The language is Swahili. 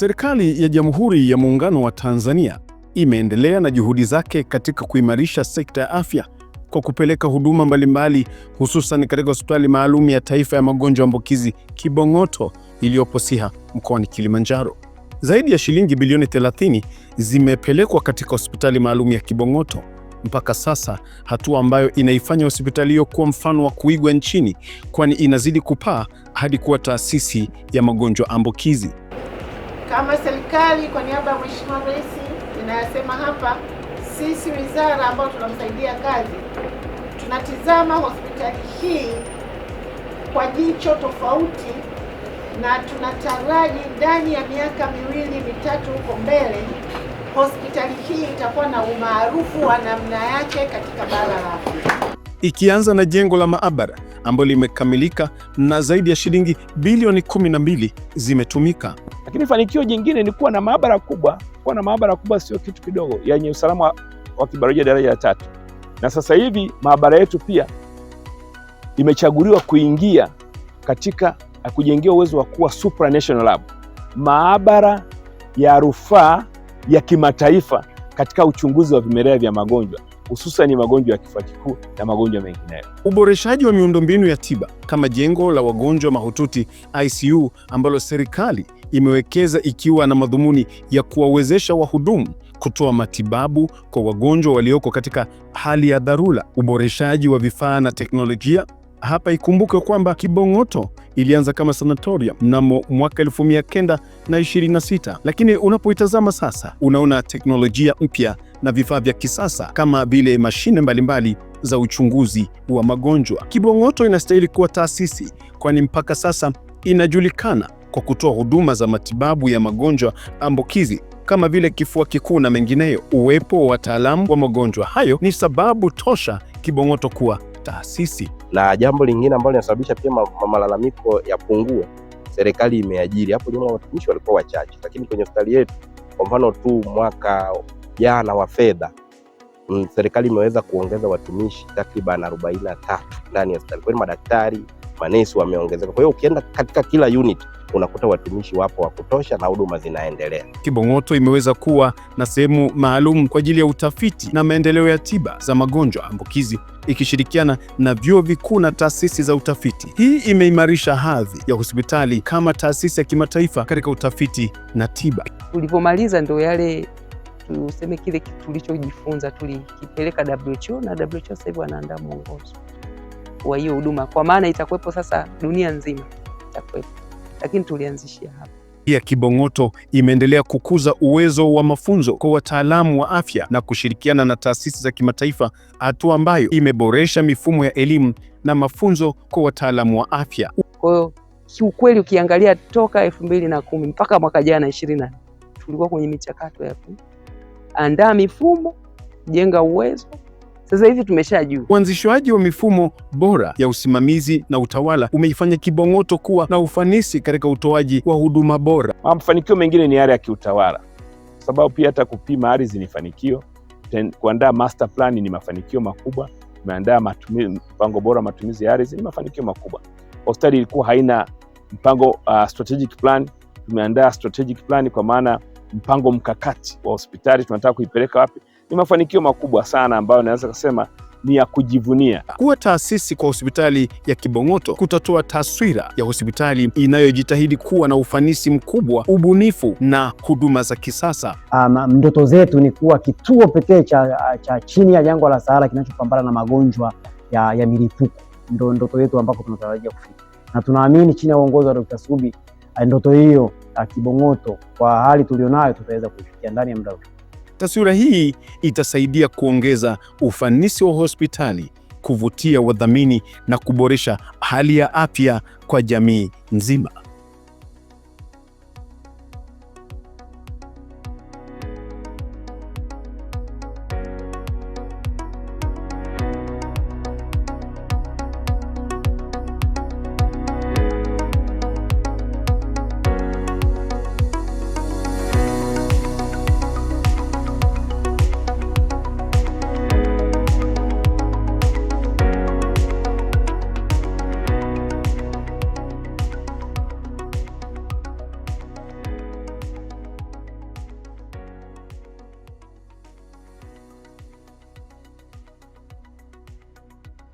Serikali ya Jamhuri ya Muungano wa Tanzania imeendelea na juhudi zake katika kuimarisha sekta ya afya kwa kupeleka huduma mbalimbali hususan katika hospitali maalum ya taifa ya magonjwa ambukizi Kibong'oto iliyopo Siha mkoani Kilimanjaro. Zaidi ya shilingi bilioni 30 zimepelekwa katika hospitali maalum ya Kibong'oto mpaka sasa, hatua ambayo inaifanya hospitali hiyo kuwa mfano wa kuigwa nchini, kwani inazidi kupaa hadi kuwa taasisi ya magonjwa ambukizi. Kama serikali kwa niaba ya Mheshimiwa Rais ninayasema hapa, sisi wizara ambayo tunamsaidia kazi, tunatizama hospitali hii kwa jicho tofauti, na tunataraji ndani ya miaka miwili mitatu huko mbele hospitali hii itakuwa na umaarufu wa namna yake katika bara la Afrika, ikianza na jengo la maabara ambalo limekamilika na zaidi ya shilingi bilioni 12 zimetumika. Lakini fanikio jingine ni kuwa na maabara kubwa. Kuwa na maabara kubwa sio kitu kidogo, yenye usalama wa kibiolojia daraja la tatu, na sasa hivi maabara yetu pia imechaguliwa kuingia katika kujengia uwezo wa kuwa supranational lab, maabara ya rufaa ya kimataifa katika uchunguzi wa vimelea vya magonjwa hususani magonjwa ya kifua kikuu na magonjwa mengineyo. Uboreshaji wa miundombinu ya tiba kama jengo la wagonjwa mahututi ICU ambalo serikali imewekeza ikiwa na madhumuni ya kuwawezesha wahudumu kutoa matibabu kwa wagonjwa walioko katika hali ya dharura. Uboreshaji wa vifaa na teknolojia hapa ikumbuke kwamba Kibong'oto ilianza kama sanatorium mnamo mwaka sita, lakini unapoitazama sasa unaona teknolojia mpya na vifaa vya kisasa kama vile mashine mbalimbali za uchunguzi wa magonjwa. Kibong'oto inastahili kuwa taasisi, kwani mpaka sasa inajulikana kwa kutoa huduma za matibabu ya magonjwa ambukizi kama vile kifua kikuu na mengineyo. Uwepo wa wataalamu wa magonjwa hayo ni sababu tosha Kibong'oto kuwa taasisi. Na jambo lingine ambalo linasababisha pia malalamiko yapungue, serikali imeajiri. Hapo nyuma watumishi walikuwa wachache, lakini kwenye hospitali yetu kwa mfano tu mwaka jana wa fedha mm, serikali imeweza kuongeza watumishi takriban 43 ndani ya hospitali. Kwa hiyo madaktari, manesi wameongezeka. Kwa hiyo ukienda katika kila unit unakuta watumishi wapo wa kutosha na huduma zinaendelea. Kibong'oto imeweza kuwa na sehemu maalum kwa ajili ya utafiti na maendeleo ya tiba za magonjwa ambukizi ikishirikiana na vyuo vikuu na taasisi za utafiti. Hii imeimarisha hadhi ya hospitali kama taasisi ya kimataifa katika utafiti na tiba. Tulipomaliza ndio yale tuseme kile tulichojifunza tulikipeleka WHO na WHO sasa hivi wanaandaa mwongozo wa hiyo huduma, kwa maana itakuwepo sasa dunia nzima itakuwepo, lakini tulianzishia hapa. Pia Kibong'oto imeendelea kukuza uwezo wa mafunzo kwa wataalamu wa afya na kushirikiana na taasisi za kimataifa, hatua ambayo imeboresha mifumo ya elimu na mafunzo kwa wataalamu wa afya. Kwa hiyo kiukweli, ukiangalia toka elfu mbili na kumi mpaka mwaka jana ishirini na tulikuwa kwenye michakato ya andaa mifumo, jenga uwezo. Sasa hivi tumeshajua uanzishwaji wa mifumo bora ya usimamizi na utawala umeifanya Kibong'oto kuwa na ufanisi katika utoaji wa huduma bora. Mafanikio mengine ni yale ya kiutawala, kwa sababu pia hata kupima ardhi ni fanikio, kuandaa master plan ni mafanikio makubwa, tumeandaa mpango bora matumizi ya ardhi ni mafanikio makubwa. Hospitali ilikuwa haina mpango uh, strategic plan, tumeandaa strategic plan kwa maana mpango mkakati wa hospitali tunataka kuipeleka wapi, ni mafanikio makubwa sana ambayo naweza kusema ni ya kujivunia. Kuwa taasisi kwa hospitali ya Kibong'oto kutatoa taswira ya hospitali inayojitahidi kuwa na ufanisi mkubwa, ubunifu na huduma za kisasa. Ama ah, ndoto zetu ni kuwa kituo pekee cha, cha chini ya jangwa la Sahara kinachopambana na magonjwa ya, ya milipuko. Ndo ndoto yetu ambako tunatarajia kufika, na tunaamini chini ya uongozi wa Dr. Subi eh, ndoto hiyo Kibong'oto kwa hali tulionayo tutaweza kuifikia ndani ya muda mfupi. Taswira hii itasaidia kuongeza ufanisi wa hospitali, kuvutia wadhamini na kuboresha hali ya afya kwa jamii nzima.